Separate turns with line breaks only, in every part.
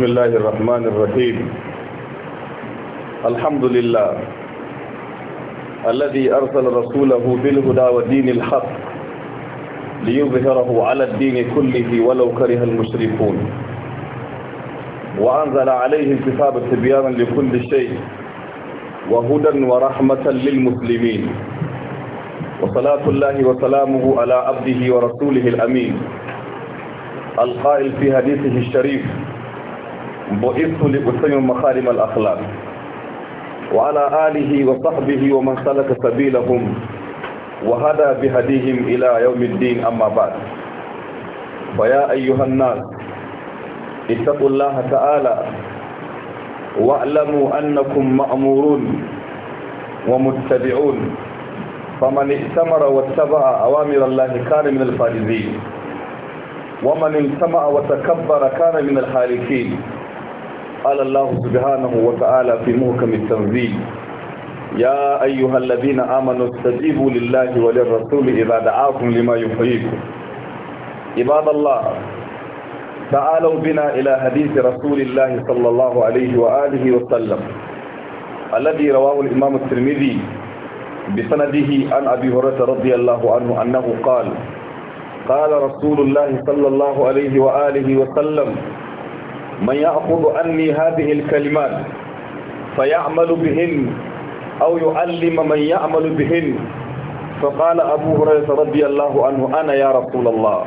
بسم الله الرحمن الرحيم الحمد لله الذي أرسل رسوله بالهدى ودين الحق ليظهره على الدين كله ولو كره المشركون وأنزل عليه الكتاب تبيانا لكل شيء وهدى ورحمة للمسلمين وصلاة الله وسلامه على عبده ورسوله الأمين القائل في حديثه الشريف بوئت لأتم مخارم الأخلاق وعلى آله وصحبه ومن سلك سبيلهم وهدى بهديهم إلى يوم الدين أما بعد فيا أيها الناس اتقوا الله تعالى واعلموا أنكم مأمورون ومتبعون فمن ائتمر واتبع أوامر الله كان من الفائزين ومن التمع وتكبر كان من الحالكين قال الله سبحانه وتعالى في محكم التنزيل يا أيها الذين آمنوا استجيبوا لله وللرسول إذا دعاكم لما يحييكم عباد الله تعالوا بنا إلى حديث رسول الله صلى الله عليه وآله وسلم الذي رواه الإمام الترمذي بسنده عن أبي هريرة رضي الله عنه أنه قال قال رسول الله صلى الله عليه وآله وسلم من يأخذ عني هذه الكلمات فيعمل بهن أو يعلم من يعمل بهن فقال أبو هريرة رضي الله عنه أنا يا رسول الله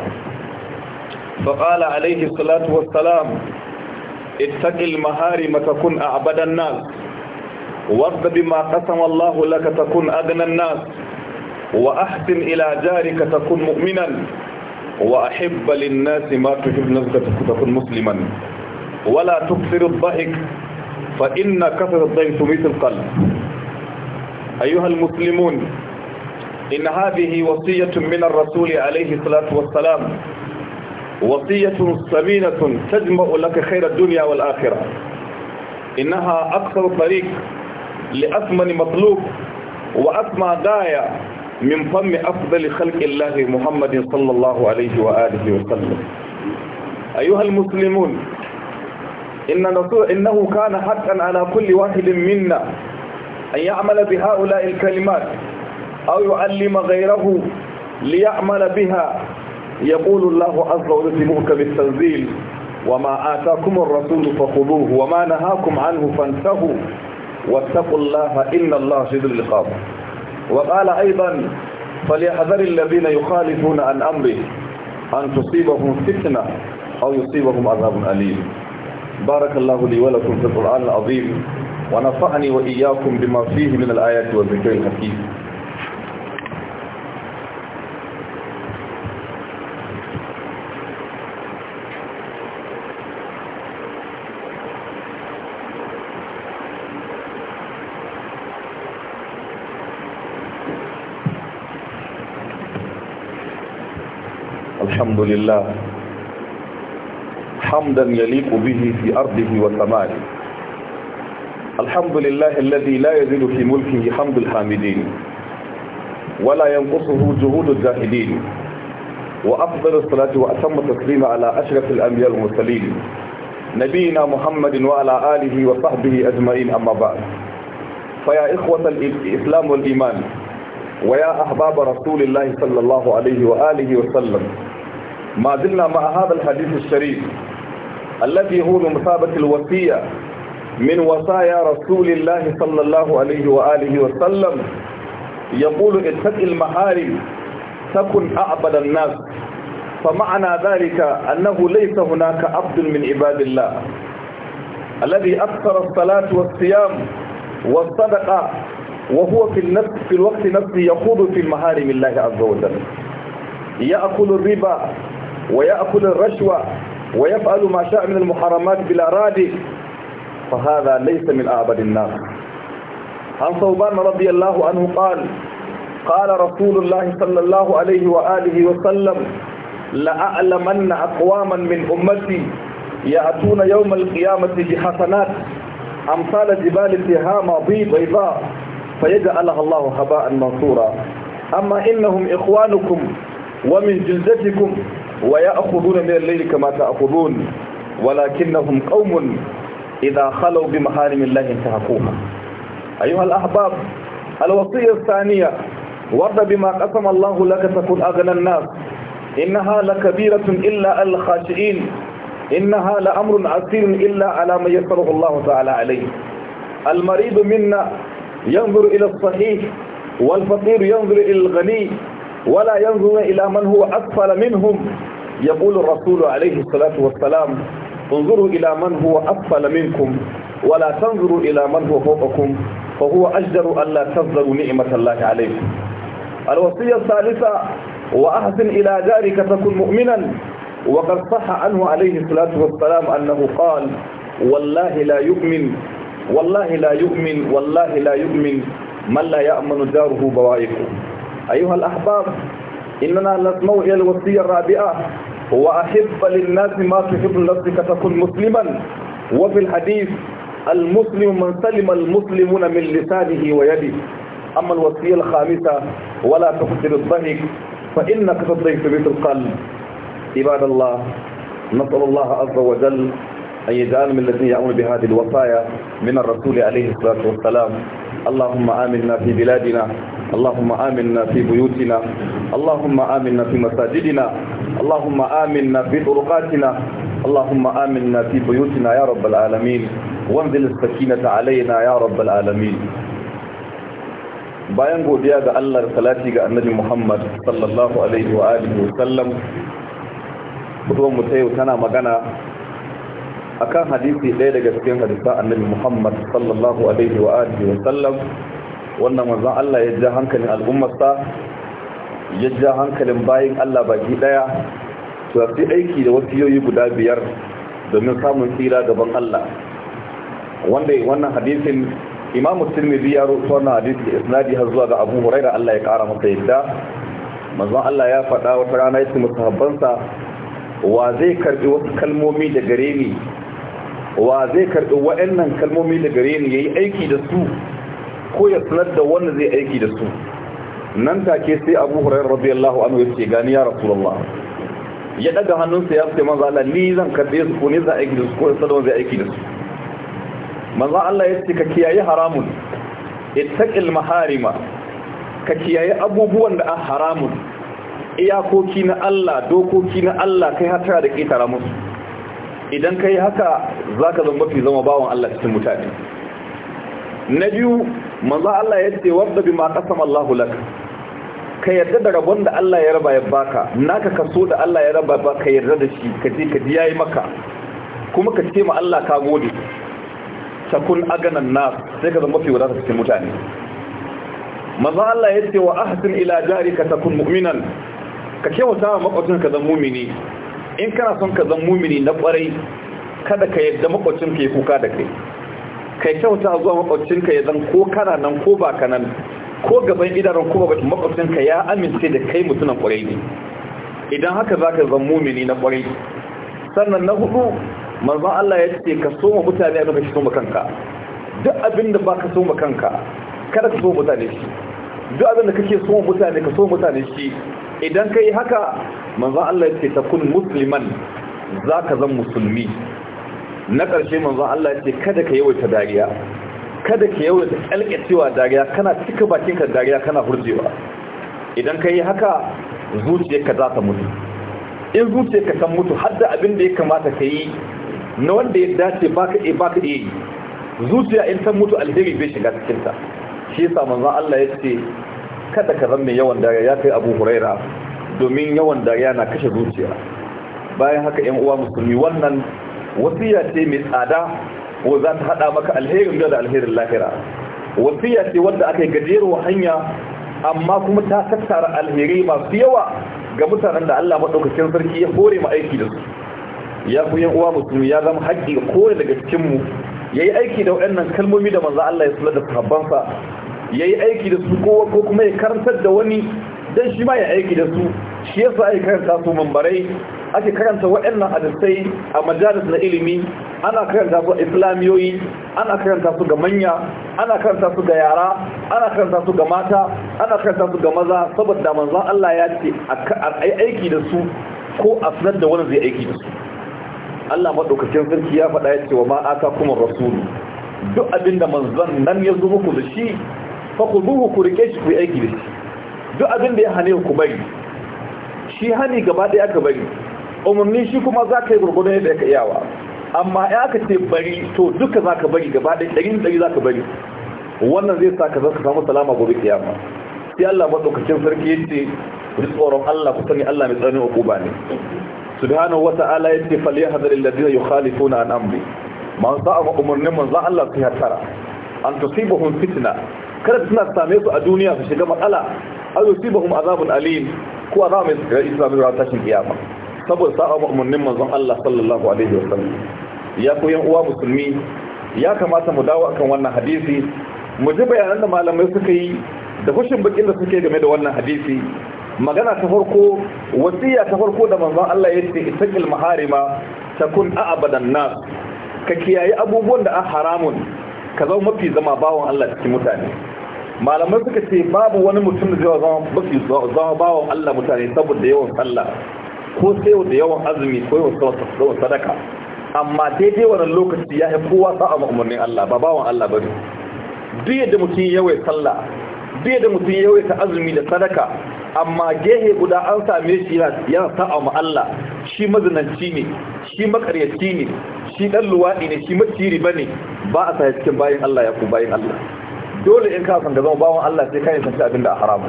فقال عليه الصلاة والسلام اتق المهارم تكن أعبد الناس وارض بما قسم الله لك تكن أدنى الناس وأحسن إلى جارك تكن مؤمنا وأحب للناس ما تحب نفسك تكن مسلما ولا تكثر الضحك فإن كثر الضحك تميت القلب أيها المسلمون إن هذه وصية من الرسول عليه الصلاة والسلام وصية سمينة تجمع لك خير الدنيا والآخرة إنها أكثر طريق لأثمن مطلوب وأثمى داية من فم أفضل خلق الله محمد صلى الله عليه وآله وسلم أيها المسلمون إن إنه كان حقا على كل واحد منا أن يعمل بهؤلاء الكلمات أو يعلم غيره ليعمل بها يقول الله عز وجل يسموك بالتنزيل وما آتاكم الرسول فخذوه وما نهاكم عنه فانتهوا واتقوا الله إن الله شديد العقاب وقال أيضا فليحذر الذين يخالفون عن أمره أن تصيبهم فتنة أو يصيبهم عذاب أليم بارك الله لي ولكم في القرآن العظيم ونفعني وإياكم بما فيه من الآيات والذكر الحكيم الحمد لله حمدا يليق به في أرضه وسمائه الحمد لله الذي لا يزيد في ملكه حمد الحامدين ولا ينقصه جهود الزاهدين وأفضل الصلاة وأتم التسليم على أشرف الأنبياء المرسلين نبينا محمد وعلى آله وصحبه أجمعين أما بعد فيا إخوة الإسلام والإيمان ويا أحباب رسول الله صلى الله عليه وآله وسلم ما زلنا مع هذا الحديث الشريف الذي هو من الوصية من وصايا رسول الله صلى الله عليه وآله وسلم يقول اتق المحارم تكن أعبد الناس فمعنى ذلك أنه ليس هناك عبد من عباد الله الذي أكثر الصلاة والصيام والصدقة وهو في النفس في الوقت نفسه يخوض في المحارم الله عز وجل يأكل الربا ويأكل الرشوة ويفعل ما شاء من المحرمات بلا راد فهذا ليس من أعبد الناس عن صوبان رضي الله عنه قال قال رسول الله صلى الله عليه وآله وسلم لأعلمن أقواما من أمتي يأتون يوم القيامة بحسنات أمثال جبال تهامة بيضاء فيجعلها الله هباء منصورا أما إنهم إخوانكم ومن جلدتكم ويأخذون من الليل كما تأخذون ولكنهم قوم إذا خلوا بمحارم الله انتهكوها أيها الأحباب الوصية الثانية ورد بما قسم الله لك تكون أغنى الناس إنها لكبيرة إلا الخاشئين إنها لأمر عسير إلا على من يسره الله تعالى عليه المريض منا ينظر إلى الصحيح والفقير ينظر إلى الغني ولا ينظر إلى من هو أسفل منهم يقول الرسول عليه الصلاة والسلام انظروا إلى من هو أفضل منكم ولا تنظروا إلى من هو فوقكم فهو أجدر أن لا تظلموا نعمة الله عليكم الوصية الثالثة وأحسن إلى جارك تكون مؤمنا وقد صح عنه عليه الصلاة والسلام أنه قال والله لا يؤمن والله لا يؤمن والله لا يؤمن من لا يأمن جاره بوائكم أيها الأحباب إننا نسمو إلى الوصية الرابعة وأحب للناس ما تحب لنفسك تكون مسلما وفي الحديث المسلم من سلم المسلمون من لسانه ويده أما الوصية الخامسة ولا تقتل الضحك فإنك تضيف في بيت القلب عباد الله نسأل الله عز وجل أن يجعل من الذين يعمل بهذه الوصايا من الرسول عليه الصلاة والسلام اللهم آمنا في بلادنا اللهم آمنا في بيوتنا اللهم آمنا في مساجدنا اللهم آمنا في طرقاتنا اللهم آمنا في بيوتنا يا رب العالمين وانزل السكينة علينا يا رب العالمين bayan godiya ga Allah da salati ga annabi Muhammad sallallahu alaihi wa alihi wa sallam kutuwan mu tayo tana magana akan hadisi ɗaya daga cikin hadisan annabi Muhammad sallallahu alaihi wa alihi wa sallam wannan mazan Allah ya ja hankalin al'ummarsa ya ja hankalin bayin Allah baki daya to fi aiki da wasiyoyi guda biyar domin samun tsira gaban Allah wanda wannan hadisin Imam Tirmidhi biya rufuwa na hadisi isnadi har zuwa ga Abu da Allah ya kara masa yadda mazan Allah ya faɗa wata rana yace musahabbansa wa zai karɓi wasu kalmomi da gare ni wa zai karɓi waɗannan kalmomi da gare ni yi aiki da su ko ya sanar da wanda zai aiki da su nan take sai abu hurairar radiyallahu anhu ya ce gani ya rasulullah ya daga hannunsa ya ce manzo Allah ni zan karbe su ko ni zan aiki da su ko wanda zan aiki da su manzo Allah ya ce ka kiyaye haramun ittaqil maharima ka kiyaye abubuwan da haramun iyakoki na Allah dokoki na Allah kai hatara da kitara musu idan kai haka zaka zama mafi zama bawon Allah cikin mutane na biyu manzo Allah ya ce wadda bima qasama Allah laka ka yarda da rabon da Allah ya raba ya baka naka kaso da Allah ya raba ba ka yarda da shi ka je ka ji yayi maka kuma ka ce ma Allah ka gode takun aganan nas sai ka zama mafi wadata cikin mutane manzo Allah ya ce wa ahsin ila jarika takun mu'minan ka ce wa makwacin ka zan mumini in kana son ka zan mumini na kwarai kada ka yarda makwacin ka yi kuka da kai kai kyauta zuwa makwabcinka ya zan ko kana nan ko ba ka nan ko gaban idanun ko ba makwabcinka ya amince da kai mutunan kwarai ne idan haka za ka zan mumini na kwarai sannan na hudu manzon Allah ya ce ka soma mutane a lokacin soma kanka duk abin da ba ka soma kanka kada ka soma mutane shi duk abin da kake soma mutane ka soma mutane shi idan ka yi haka manzon Allah ya ce ta kun musliman za ka zan musulmi na ƙarshe manzon Allah ya ce kada ka yawaita dariya kada ka yawaita ƙalƙacewa dariya kana cika bakinka dariya kana hurjewa idan ka yi haka zuciyarka za ta mutu in zuciyarka ta mutu har da abin da ya kamata ka yi na wanda ya dace baka ka baka yi zuciya in ta mutu alheri bai shiga cikinta shi yasa manzon Allah ya ce kada ka zama yawan dariya ya kai Abu Huraira domin yawan dariya na kashe zuciya bayan haka 'yan uwa musulmi wannan wasiya ce mai tsada ko za ta hada maka alherin da alherin lahira wasiya ce wanda aka yi hanya amma kuma ta tattara alheri masu yawa ga mutanen da Allah maɗaukakin sarki ya hore mu aiki da su ya ku uwa mutum ya zama haƙƙi kore daga cikin mu yayi aiki da waɗannan kalmomi da manzo Allah ya sula da sahabbansa yayi aiki da su kowa ko kuma ya karantar da wani dan shi ma ya aiki da su shi yasa ai karanta su mambarai ake karanta waɗannan hadisai a majalis na ilimi ana karanta su islamiyoyi ana karanta su ga manya ana karanta su ga yara ana karanta su ga mata ana karanta su ga maza saboda manzon Allah ya ce a aiki da su ko a sanar da wani zai aiki da su Allah madaukakin sarki ya faɗa ya wa ma kuma rasulu duk abinda manzon nan ya zo muku da shi fa ku duhu ku rike shi ku yi aiki da shi duk abinda ya hane ku bari shi hani gaba ɗaya aka bari umarni shi kuma za ka yi gurgudu da ka iyawa amma ya ka ce bari to duka za ka bari gaba da ɗari ɗari za ka bari wannan zai sa ka zaka samu salama gobe kiyama sai Allah madaukakin sarki ya ce ku tsoron Allah ku sani Allah mai tsananin hukuma ne subhanahu wata'ala ya ce fal yahdhar alladhina yukhalifuna an amri man sa'a umarnin za Allah sai hatara an tusibahum fitna kada suna same su a duniya su shiga matsala aw yusibahum azabun alim ko azabun mai islamin ratashin kiyama saboda sa'a umarnin manzon Allah sallallahu alaihi wasallam ya ku yan uwa musulmi ya kamata mu dawo akan wannan hadisi mu ji bayanan da malamai suka yi da fushin bakin da suke game da wannan hadisi magana ta farko wasiya ta farko da manzon Allah ya ce ittaqil maharima takun a'abadan nas ka kiyaye abubuwan da an haramun ka zama mafi zama bawon Allah cikin mutane malamai suka ce babu wani mutum da zai zama mafi zama bawon Allah mutane saboda yawan sallah ko sai da yawan azumi ko yawan sadaka amma daidai wannan lokaci ya yi kowa sa'a umarnin Allah ba bawan Allah ba ne duk yadda mutum yawai sallah duk yadda mutum yawai ta azumi da sadaka amma gehe guda an same shi yana sa'a ma Allah shi mazinanci ne shi makaryaci ne shi dan luwaɗi ne shi maciri ba ne ba a sa cikin bayan Allah ya ku bayan Allah dole in ka san ga zama bawan Allah sai ka yi sanci abin da a haramu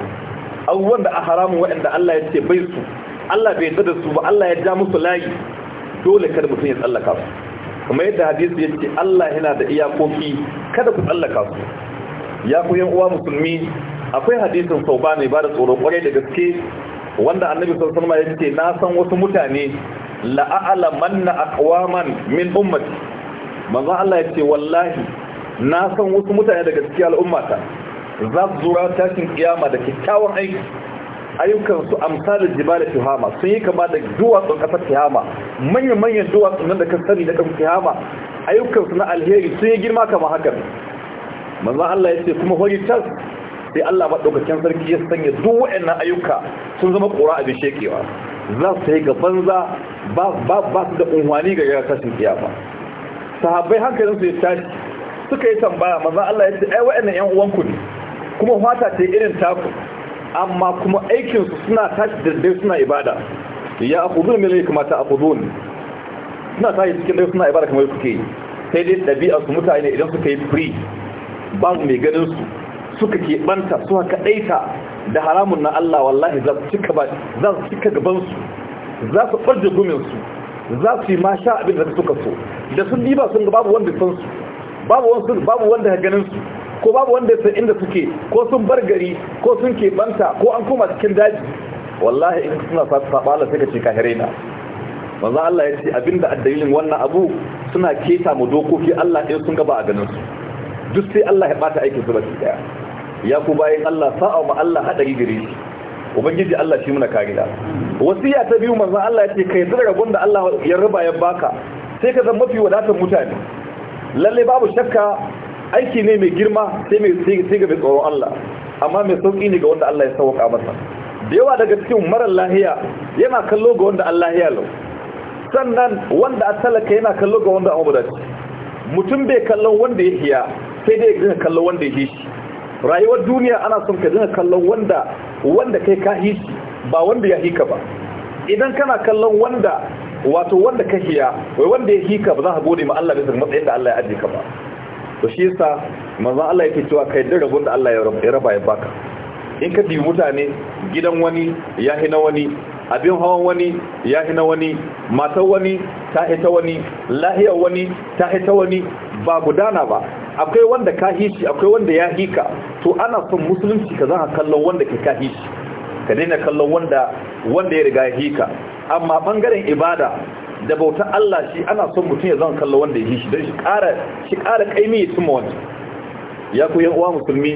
abubuwan da a haramu waɗanda Allah ya ce bai su Allah bai yarda da su ba Allah ya ja musu layi dole kada mutum ya tsallaka su kuma yadda hadisi ya ce Allah yana da iyakoki kada ku tsallaka su ya ku yan uwa musulmi akwai hadisin sau ba ne ba da tsoron kwarai da gaske wanda annabi sau alaihi wasallam ya ce na san wasu mutane la'ala manna kawaman min ummati maza Allah ya ce wallahi na san wasu mutane da gaske al'ummata za su zura tashin kiyama da kyakkyawan aiki ayyukan su amsalul jibal tuhama sun yi kama da duwatsun kasar tuhama manyan manyan duwatsun nan da kan sani da kan tuhama ayyukan su na alheri sun yi girma kama hakan manzo Allah ya ce kuma hoyi tas sai Allah madaukakin sarki ya sanya duk wayannan ayyuka sun zama ƙura abin shekewa za su yi gaban za ba ba su da unwani ga tashin kiyama sahabbai hankalin su ya tashi suka yi tambaya manzo Allah ya ce ai wayannan yan uwanku ne kuma fata ce irin taku amma kuma aikinsu suna tashi da dai suna ibada ya akudun mele kamata akudun suna tashi cikin dai suna ibada kamar suke sai dai ɗabi'a su mutane idan suka yi free ba mu mai ganin su suka keɓanta suka kaɗaita da haramun na Allah wallahi za su cika ba za su cika gaban su za su ɓarje gumin su za su yi ma sha abin da suka so da sun ba sun ga babu wanda san su babu wanda babu wanda ganin su ko babu wanda san inda suke ko sun bar gari ko sun banta, ko an koma cikin daji wallahi in suna saba Allah sai ka ce ka manzo Allah ya ce abinda addalilin wannan abu suna keta mu dokoki Allah ɗaya sun gaba a ganin su duk sai Allah ya bata aikin su ba shi daya ya ku Allah sa'a ma Allah hada gare ubangiji Allah shi muna kariya wasiya ta biyu manzo Allah ya ce kai zira ragon da Allah ya raba ya baka sai ka zama mafi wadatar mutane lalle babu shakka aiki ne mai girma sai mai sai ga mai tsoron Allah amma mai sauki ne ga wanda Allah ya sauka masa da yawa daga cikin marar lahiya yana kallo ga wanda Allah ya lau sannan wanda a talaka yana kallo ga wanda a ci. mutum bai kallon wanda ya hiya sai dai ya kallon wanda ya hi shi rayuwar duniya ana son ka dinga kallon wanda wanda kai ka hi shi ba wanda ya hi ka ba idan kana kallon wanda wato wanda ka hiya wai wanda ya hi ka ba za ka gode ma Allah bisa matsayin da Allah ya ajiye ka ba to shi yasa manzon Allah yake cewa kai da rabon da Allah ya raba ya baka in ka bi mutane gidan wani ya hina wani abin hawan wani ya hina wani matar wani ta hita wani lahiyar wani ta hita wani ba gudana ba akwai wanda ka hishi akwai wanda ya hika to ana son musulunci ka zan kallon wanda ke ka hishi ka daina kallon wanda wanda ya riga ya hika amma bangaren ibada da bautar Allah shi ana son mutum ya zan kallo wanda ya yi shi don shi ƙara shi kaimi ya tuma wani ya ku yan uwa musulmi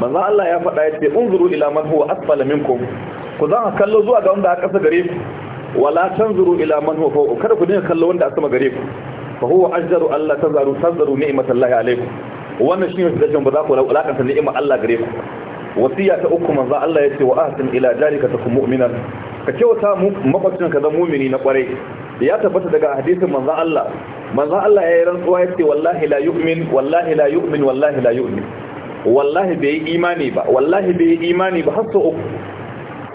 manzon Allah ya faɗa ya ce unzuru ila man huwa asfala minkum ku zan kallo zuwa ga wanda a ƙasa gare ku wala tanzuru ila man huwa fawqa kada ku dinga kallo wanda a sama gare ku fa huwa ajdaru Allah tazaru tazaru Allah alaikum wannan shi ne da ba za ku lakanta ni'imar Allah gare ku wasiya ta uku manzo Allah yace wa ahsin ila jarika takum mu'minan ka kyauta mu mabacin ka zan mu'mini na kware ya tabbata daga hadisin manzon Allah manzon Allah ya yi rantsuwa ce wallahi la yu'min wallahi la yu'min wallahi la yu'min wallahi bai imani ba wallahi bai imani ba har sau uku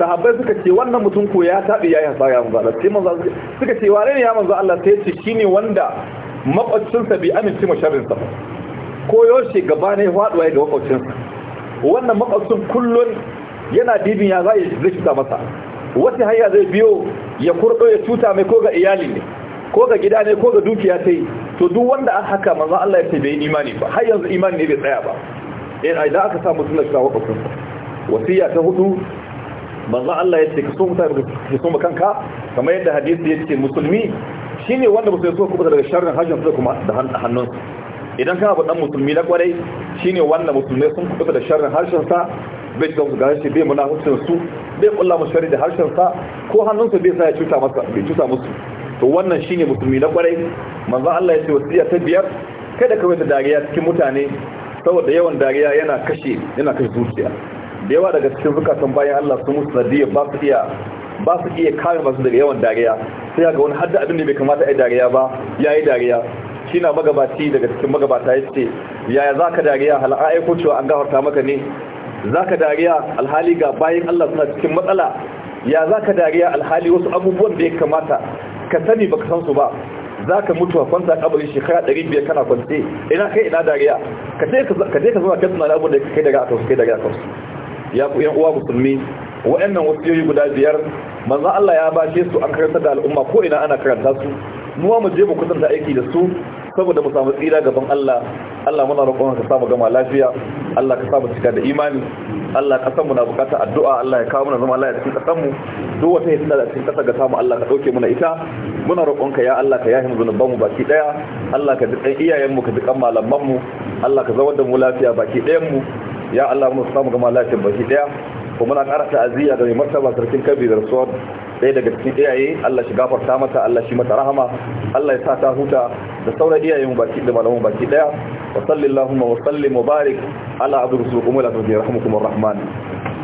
sahabbai suka ce wannan mutum ko ya tabi yayi hasara ya manzo Allah suka ce wane ne ya manzo Allah sai ce shine wanda makwacinsa bai amince masharrin sa ko yaushe gaba ne faɗuwa ga makwacinsa wannan makwacin kullun yana dibin ya zai zai fita masa wata hanya zai biyo ya kurɗo ya tuta mai ko ga iyali ne ko ga gida ne ko ga dukiya ta yi to duk wanda an haka manzan Allah ya ce bai imani ba har yanzu imani ne bai tsaya ba eh, idan aka sa suna shi shawo kafin wasiya ta hudu manzan Allah ya ce ka so mutane ka so kanka kamar yadda hadisi ya ce musulmi shine wanda ba sai so kuma daga sharrin hajjin su kuma da hannun idan kana dan musulmi na kwarai shine wanda musulmai sun kuɓuta da sharrin harshen sa bai ga su gashi bai munafucin su bai kulla musu da harshen sa ko hannunsa bai sa ya cuta masa bai cuta musu to wannan shine musulmi na kwarai manzo Allah ya ce wasiya ta biyar kada ka wata dariya cikin mutane saboda yawan dariya yana kashe yana kashe zuciya da yawa daga cikin zukatan bayan Allah sun musu sadiya ba su iya ba su iya kare masu daga yawan dariya sai ga wani hadda abin da bai kamata a yi dariya ba ya yi dariya shi na magabaci daga cikin magabata ya ce yaya za ka dariya hala'a aiko cewa an gafarta maka ne zaka dariya alhali ga bayan Allah suna cikin matsala ya zaka dariya alhali wasu abubuwan da ya kamata ka sani ka san su ba za ka mutu a kwanta kabari shekara ɗari biyar kana kwance ina kai ina dariya ka je ka zama kan tunanin abin da kai daga akansu kai daga ya ku yan uwa musulmi wa'annan wasiyoyi guda biyar manzan Allah ya bashe su an karanta da al'umma ko ina ana karanta su mu mu je mu kusanta aiki da su saboda mu samu tsira gaban Allah Allah muna roƙon ka samu gama lafiya Allah ka samu cika da imani Allah ka san mu na bukatar addu'a Allah ya kawo mana zama lafiya cikin kasan mu duk wata hidda da cikin kasa ga samu Allah ka dauke mana ita muna roƙon ka ya Allah ka yahi mu zunuban mu baki daya Allah ka dukan iyayen mu ka dukan malaman mu Allah ka zawar da mu lafiya baki dayan mu ya Allah mu samu gama lafiya baki daya kuma na ƙara ta'aziyya da mai martaba sarkin kabi da rasuwar ɗaya daga cikin iyaye Allah shi gafarta mata Allah shi mata rahama Allah ya sa ta huta da sauran iyayen baki da malamun baki ɗaya wa sallallahu wa sallim wa barik ala abdur rasul kuma la tuzi rahmukum arrahman